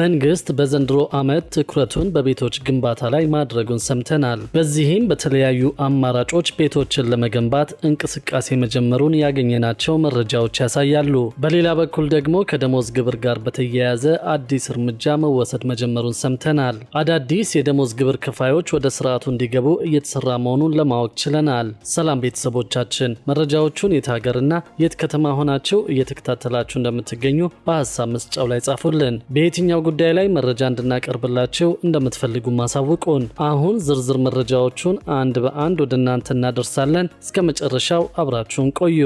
መንግስት በዘንድሮ ዓመት ትኩረቱን በቤቶች ግንባታ ላይ ማድረጉን ሰምተናል። በዚህም በተለያዩ አማራጮች ቤቶችን ለመገንባት እንቅስቃሴ መጀመሩን ያገኘናቸው መረጃዎች ያሳያሉ። በሌላ በኩል ደግሞ ከደሞዝ ግብር ጋር በተያያዘ አዲስ እርምጃ መወሰድ መጀመሩን ሰምተናል። አዳዲስ የደሞዝ ግብር ከፋዮች ወደ ስርዓቱ እንዲገቡ እየተሰራ መሆኑን ለማወቅ ችለናል። ሰላም ቤተሰቦቻችን፣ መረጃዎቹን የት ሀገርና የት ከተማ ሆናችሁ እየተከታተላችሁ እንደምትገኙ በሀሳብ መስጫው ላይ ጻፉልን። በየትኛው ጉዳይ ላይ መረጃ እንድናቀርብላችሁ እንደምትፈልጉ ማሳውቁን። አሁን ዝርዝር መረጃዎቹን አንድ በአንድ ወደ እናንተ እናደርሳለን። እስከ መጨረሻው አብራችሁን ቆዩ።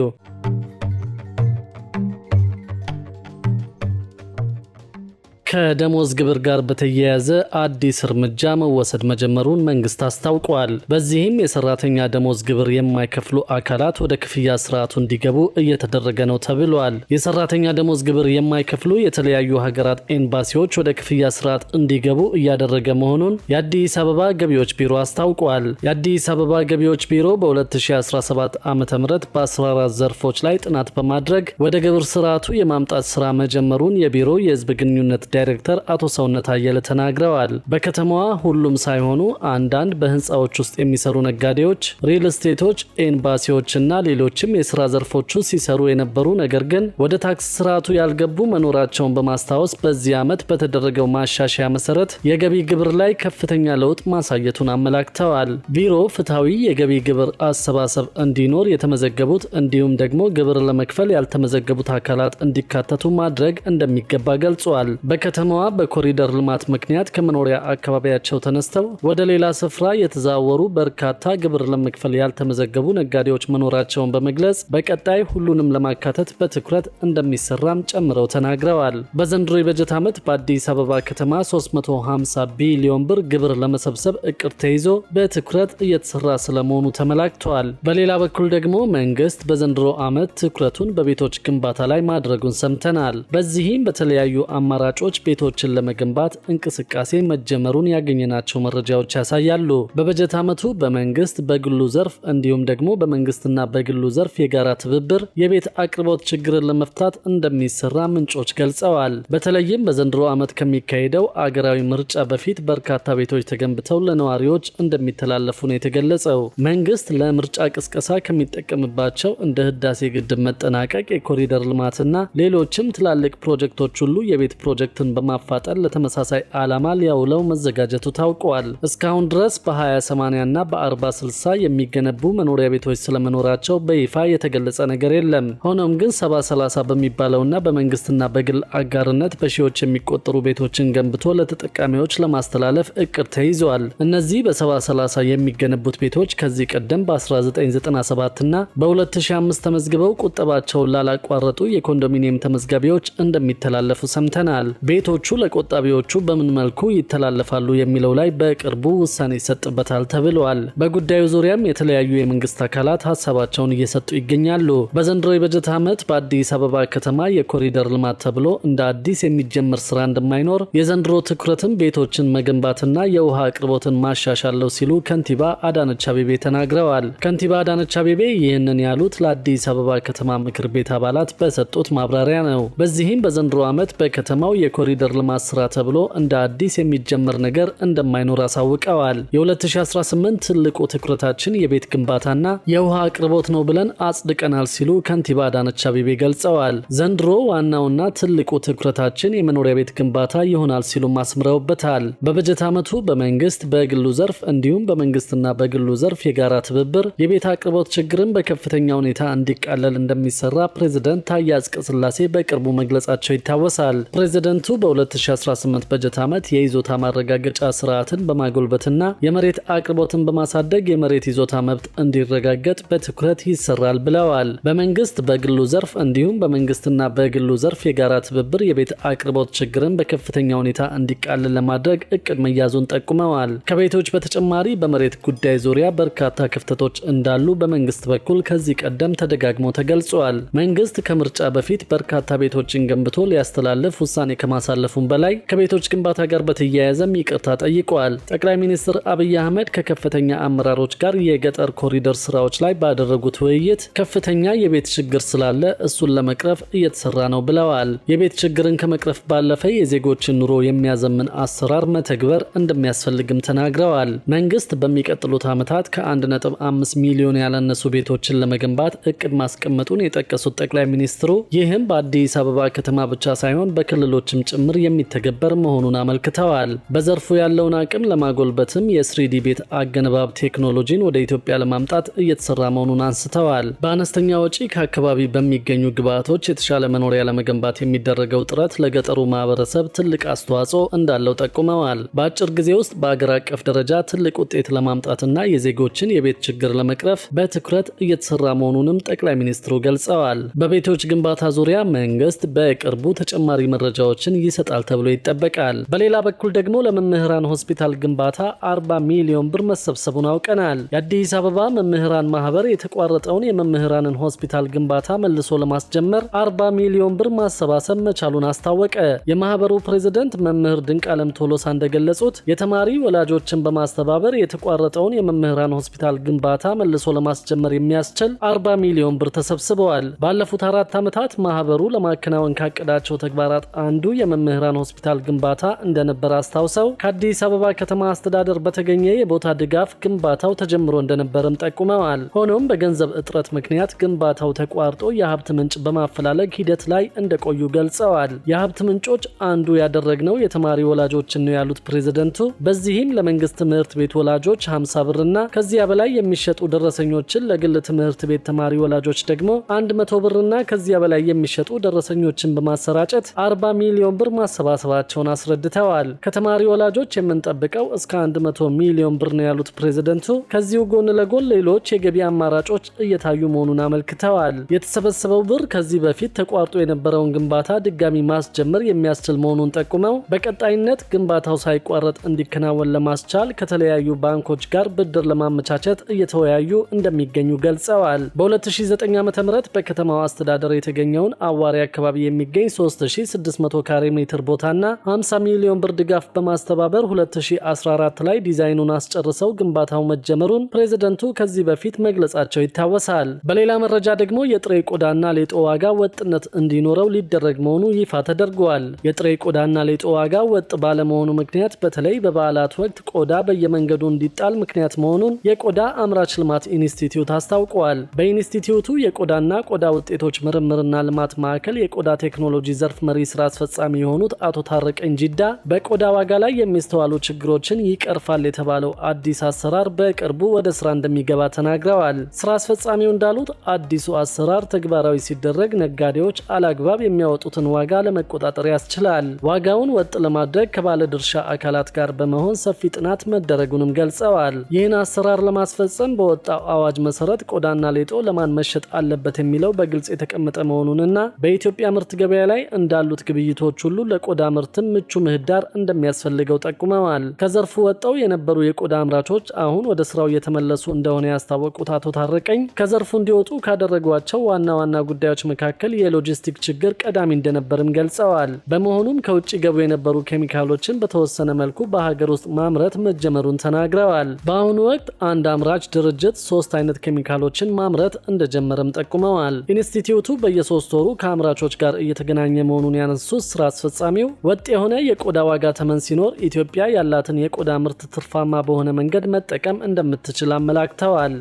ከደሞዝ ግብር ጋር በተያያዘ አዲስ እርምጃ መወሰድ መጀመሩን መንግስት አስታውቋል። በዚህም የሰራተኛ ደሞዝ ግብር የማይከፍሉ አካላት ወደ ክፍያ ስርዓቱ እንዲገቡ እየተደረገ ነው ተብሏል። የሰራተኛ ደሞዝ ግብር የማይከፍሉ የተለያዩ ሀገራት ኤምባሲዎች ወደ ክፍያ ስርዓት እንዲገቡ እያደረገ መሆኑን የአዲስ አበባ ገቢዎች ቢሮ አስታውቋል። የአዲስ አበባ ገቢዎች ቢሮ በ2017 ዓ ም በ14 ዘርፎች ላይ ጥናት በማድረግ ወደ ግብር ስርዓቱ የማምጣት ስራ መጀመሩን የቢሮ የህዝብ ግንኙነት ዳይሬክተር አቶ ሰውነት አየለ ተናግረዋል። በከተማዋ ሁሉም ሳይሆኑ አንዳንድ በህንፃዎች ውስጥ የሚሰሩ ነጋዴዎች፣ ሪል ስቴቶች፣ ኤምባሲዎችና ሌሎችም የስራ ዘርፎቹ ሲሰሩ የነበሩ ነገር ግን ወደ ታክስ ስርዓቱ ያልገቡ መኖራቸውን በማስታወስ በዚህ ዓመት በተደረገው ማሻሻያ መሰረት የገቢ ግብር ላይ ከፍተኛ ለውጥ ማሳየቱን አመላክተዋል። ቢሮ ፍትሐዊ የገቢ ግብር አሰባሰብ እንዲኖር የተመዘገቡት እንዲሁም ደግሞ ግብር ለመክፈል ያልተመዘገቡት አካላት እንዲካተቱ ማድረግ እንደሚገባ ገልጿል። ከተማዋ በኮሪደር ልማት ምክንያት ከመኖሪያ አካባቢያቸው ተነስተው ወደ ሌላ ስፍራ የተዛወሩ በርካታ ግብር ለመክፈል ያልተመዘገቡ ነጋዴዎች መኖራቸውን በመግለጽ በቀጣይ ሁሉንም ለማካተት በትኩረት እንደሚሰራም ጨምረው ተናግረዋል። በዘንድሮ የበጀት ዓመት በአዲስ አበባ ከተማ 350 ቢሊዮን ብር ግብር ለመሰብሰብ እቅድ ተይዞ በትኩረት እየተሰራ ስለመሆኑ ተመላክቷል። በሌላ በኩል ደግሞ መንግስት በዘንድሮ ዓመት ትኩረቱን በቤቶች ግንባታ ላይ ማድረጉን ሰምተናል። በዚህም በተለያዩ አማራጮች ከተሞች ቤቶችን ለመገንባት እንቅስቃሴ መጀመሩን ያገኘናቸው መረጃዎች ያሳያሉ። በበጀት ዓመቱ በመንግስት በግሉ ዘርፍ እንዲሁም ደግሞ በመንግስትና በግሉ ዘርፍ የጋራ ትብብር የቤት አቅርቦት ችግርን ለመፍታት እንደሚሰራ ምንጮች ገልጸዋል። በተለይም በዘንድሮ ዓመት ከሚካሄደው አገራዊ ምርጫ በፊት በርካታ ቤቶች ተገንብተው ለነዋሪዎች እንደሚተላለፉ ነው የተገለጸው። መንግስት ለምርጫ ቅስቀሳ ከሚጠቀምባቸው እንደ ህዳሴ ግድብ መጠናቀቅ፣ የኮሪደር ልማትና ሌሎችም ትላልቅ ፕሮጀክቶች ሁሉ የቤት ፕሮጀክት ሂደቱን በማፋጠን ለተመሳሳይ ዓላማ ሊያውለው መዘጋጀቱ ታውቋል። እስካሁን ድረስ በ20/80 እና በ40/60 የሚገነቡ መኖሪያ ቤቶች ስለመኖራቸው በይፋ የተገለጸ ነገር የለም። ሆኖም ግን 70/30 በሚባለውና በመንግስትና በግል አጋርነት በሺዎች የሚቆጠሩ ቤቶችን ገንብቶ ለተጠቃሚዎች ለማስተላለፍ እቅድ ተይዟል። እነዚህ በ70/30 የሚገነቡት ቤቶች ከዚህ ቀደም በ1997 እና በ2005 ተመዝግበው ቁጠባቸውን ላላቋረጡ የኮንዶሚኒየም ተመዝጋቢዎች እንደሚተላለፉ ሰምተናል። ቤቶቹ ለቆጣቢዎቹ በምን መልኩ ይተላለፋሉ የሚለው ላይ በቅርቡ ውሳኔ ይሰጥበታል ተብለዋል። በጉዳዩ ዙሪያም የተለያዩ የመንግስት አካላት ሀሳባቸውን እየሰጡ ይገኛሉ። በዘንድሮ የበጀት ዓመት በአዲስ አበባ ከተማ የኮሪደር ልማት ተብሎ እንደ አዲስ የሚጀምር ስራ እንደማይኖር የዘንድሮ ትኩረትም ቤቶችን መገንባትና የውሃ አቅርቦትን ማሻሻለው ሲሉ ከንቲባ አዳነች አቤቤ ተናግረዋል። ከንቲባ አዳነች አቤቤ ይህንን ያሉት ለአዲስ አበባ ከተማ ምክር ቤት አባላት በሰጡት ማብራሪያ ነው። በዚህም በዘንድሮ ዓመት በከተማው የኮ ኮሪደር ልማት ስራ ተብሎ እንደ አዲስ የሚጀመር ነገር እንደማይኖር አሳውቀዋል። የ2018 ትልቁ ትኩረታችን የቤት ግንባታና የውሃ አቅርቦት ነው ብለን አጽድቀናል ሲሉ ከንቲባ አዳነች አቤቤ ገልጸዋል። ዘንድሮ ዋናውና ትልቁ ትኩረታችን የመኖሪያ ቤት ግንባታ ይሆናል ሲሉም አስምረውበታል። በበጀት ዓመቱ በመንግስት በግሉ ዘርፍ እንዲሁም በመንግስትና በግሉ ዘርፍ የጋራ ትብብር የቤት አቅርቦት ችግርን በከፍተኛ ሁኔታ እንዲቃለል እንደሚሰራ ፕሬዝደንት ታዬ አጽቀሥላሴ በቅርቡ መግለጻቸው ይታወሳል። ፕሬዝደንቱ በ2018 በጀት ዓመት የይዞታ ማረጋገጫ ስርዓትን በማጎልበትና የመሬት አቅርቦትን በማሳደግ የመሬት ይዞታ መብት እንዲረጋገጥ በትኩረት ይሰራል ብለዋል። በመንግስት በግሉ ዘርፍ እንዲሁም በመንግስትና በግሉ ዘርፍ የጋራ ትብብር የቤት አቅርቦት ችግርን በከፍተኛ ሁኔታ እንዲቃለል ለማድረግ እቅድ መያዙን ጠቁመዋል። ከቤቶች በተጨማሪ በመሬት ጉዳይ ዙሪያ በርካታ ክፍተቶች እንዳሉ በመንግስት በኩል ከዚህ ቀደም ተደጋግሞ ተገልጿል። መንግስት ከምርጫ በፊት በርካታ ቤቶችን ገንብቶ ሊያስተላልፍ ውሳኔ ከማ ከማሳለፉም በላይ ከቤቶች ግንባታ ጋር በተያያዘም ይቅርታ ጠይቋል። ጠቅላይ ሚኒስትር አብይ አህመድ ከከፍተኛ አመራሮች ጋር የገጠር ኮሪደር ስራዎች ላይ ባደረጉት ውይይት ከፍተኛ የቤት ችግር ስላለ እሱን ለመቅረፍ እየተሰራ ነው ብለዋል። የቤት ችግርን ከመቅረፍ ባለፈ የዜጎችን ኑሮ የሚያዘምን አሰራር መተግበር እንደሚያስፈልግም ተናግረዋል። መንግስት በሚቀጥሉት ዓመታት ከ1.5 ሚሊዮን ያላነሱ ቤቶችን ለመገንባት እቅድ ማስቀመጡን የጠቀሱት ጠቅላይ ሚኒስትሩ ይህም በአዲስ አበባ ከተማ ብቻ ሳይሆን በክልሎችም ጭምር የሚተገበር መሆኑን አመልክተዋል። በዘርፉ ያለውን አቅም ለማጎልበትም የስሪዲ ቤት አገነባብ ቴክኖሎጂን ወደ ኢትዮጵያ ለማምጣት እየተሰራ መሆኑን አንስተዋል። በአነስተኛ ወጪ ከአካባቢ በሚገኙ ግብዓቶች የተሻለ መኖሪያ ለመገንባት የሚደረገው ጥረት ለገጠሩ ማህበረሰብ ትልቅ አስተዋጽኦ እንዳለው ጠቁመዋል። በአጭር ጊዜ ውስጥ በአገር አቀፍ ደረጃ ትልቅ ውጤት ለማምጣትና የዜጎችን የቤት ችግር ለመቅረፍ በትኩረት እየተሰራ መሆኑንም ጠቅላይ ሚኒስትሩ ገልጸዋል። በቤቶች ግንባታ ዙሪያ መንግስት በቅርቡ ተጨማሪ መረጃዎችን ይሰጣል ተብሎ ይጠበቃል። በሌላ በኩል ደግሞ ለመምህራን ሆስፒታል ግንባታ 40 ሚሊዮን ብር መሰብሰቡን አውቀናል። የአዲስ አበባ መምህራን ማህበር የተቋረጠውን የመምህራንን ሆስፒታል ግንባታ መልሶ ለማስጀመር 40 ሚሊዮን ብር ማሰባሰብ መቻሉን አስታወቀ። የማህበሩ ፕሬዝደንት መምህር ድንቅ አለም ቶሎሳ እንደገለጹት የተማሪ ወላጆችን በማስተባበር የተቋረጠውን የመምህራን ሆስፒታል ግንባታ መልሶ ለማስጀመር የሚያስችል 40 ሚሊዮን ብር ተሰብስበዋል። ባለፉት አራት ዓመታት ማህበሩ ለማከናወን ካቀዳቸው ተግባራት አንዱ የመ መምህራን ሆስፒታል ግንባታ እንደነበረ አስታውሰው ከአዲስ አበባ ከተማ አስተዳደር በተገኘ የቦታ ድጋፍ ግንባታው ተጀምሮ እንደነበረም ጠቁመዋል። ሆኖም በገንዘብ እጥረት ምክንያት ግንባታው ተቋርጦ የሀብት ምንጭ በማፈላለግ ሂደት ላይ እንደቆዩ ገልጸዋል። የሀብት ምንጮች አንዱ ያደረግነው የተማሪ ወላጆችን ነው ያሉት ፕሬዝደንቱ፣ በዚህም ለመንግስት ትምህርት ቤት ወላጆች 50 ብርና ከዚያ በላይ የሚሸጡ ደረሰኞችን ለግል ትምህርት ቤት ተማሪ ወላጆች ደግሞ 100 ብርና ከዚያ በላይ የሚሸጡ ደረሰኞችን በማሰራጨት 40 ሚሊዮን ብር ማሰባሰባቸውን አስረድተዋል። ከተማሪ ወላጆች የምንጠብቀው እስከ 100 ሚሊዮን ብር ነው ያሉት ፕሬዝደንቱ፣ ከዚሁ ጎን ለጎን ሌሎች የገቢ አማራጮች እየታዩ መሆኑን አመልክተዋል። የተሰበሰበው ብር ከዚህ በፊት ተቋርጦ የነበረውን ግንባታ ድጋሚ ማስጀመር የሚያስችል መሆኑን ጠቁመው በቀጣይነት ግንባታው ሳይቋረጥ እንዲከናወን ለማስቻል ከተለያዩ ባንኮች ጋር ብድር ለማመቻቸት እየተወያዩ እንደሚገኙ ገልጸዋል። በ2009 ዓ ም በከተማው አስተዳደር የተገኘውን አዋሪ አካባቢ የሚገኝ 3600 ካሬ ካሬ ሜትር ቦታና 50 ሚሊዮን ብር ድጋፍ በማስተባበር 2014 ላይ ዲዛይኑን አስጨርሰው ግንባታው መጀመሩን ፕሬዝደንቱ ከዚህ በፊት መግለጻቸው ይታወሳል። በሌላ መረጃ ደግሞ የጥሬ ቆዳና ሌጦ ዋጋ ወጥነት እንዲኖረው ሊደረግ መሆኑ ይፋ ተደርጓል። የጥሬ ቆዳና ሌጦ ዋጋ ወጥ ባለመሆኑ ምክንያት በተለይ በበዓላት ወቅት ቆዳ በየመንገዱ እንዲጣል ምክንያት መሆኑን የቆዳ አምራች ልማት ኢንስቲትዩት አስታውቋል። በኢንስቲትዩቱ የቆዳና ቆዳ ውጤቶች ምርምርና ልማት ማዕከል የቆዳ ቴክኖሎጂ ዘርፍ መሪ ስራ አስፈጻሚ ተጠቃሚ የሆኑት አቶ ታረቀኝ ጂዳ በቆዳ ዋጋ ላይ የሚስተዋሉ ችግሮችን ይቀርፋል የተባለው አዲስ አሰራር በቅርቡ ወደ ስራ እንደሚገባ ተናግረዋል። ስራ አስፈጻሚው እንዳሉት አዲሱ አሰራር ተግባራዊ ሲደረግ ነጋዴዎች አላግባብ የሚያወጡትን ዋጋ ለመቆጣጠር ያስችላል። ዋጋውን ወጥ ለማድረግ ከባለ ድርሻ አካላት ጋር በመሆን ሰፊ ጥናት መደረጉንም ገልጸዋል። ይህን አሰራር ለማስፈጸም በወጣው አዋጅ መሰረት ቆዳና ሌጦ ለማን መሸጥ አለበት የሚለው በግልጽ የተቀመጠ መሆኑንና በኢትዮጵያ ምርት ገበያ ላይ እንዳሉት ግብይቶቹ ሁሉ ለቆዳ ምርትም ምቹ ምህዳር እንደሚያስፈልገው ጠቁመዋል። ከዘርፉ ወጥተው የነበሩ የቆዳ አምራቾች አሁን ወደ ስራው እየተመለሱ እንደሆነ ያስታወቁት አቶ ታረቀኝ ከዘርፉ እንዲወጡ ካደረጓቸው ዋና ዋና ጉዳዮች መካከል የሎጂስቲክ ችግር ቀዳሚ እንደነበርም ገልጸዋል። በመሆኑም ከውጭ ገቡ የነበሩ ኬሚካሎችን በተወሰነ መልኩ በሀገር ውስጥ ማምረት መጀመሩን ተናግረዋል። በአሁኑ ወቅት አንድ አምራች ድርጅት ሶስት አይነት ኬሚካሎችን ማምረት እንደጀመረም ጠቁመዋል። ኢንስቲትዩቱ በየሶስት ወሩ ከአምራቾች ጋር እየተገናኘ መሆኑን ያነሱት ስራ አስፈጻሚው ወጥ የሆነ የቆዳ ዋጋ ተመን ሲኖር ኢትዮጵያ ያላትን የቆዳ ምርት ትርፋማ በሆነ መንገድ መጠቀም እንደምትችል አመላክተዋል።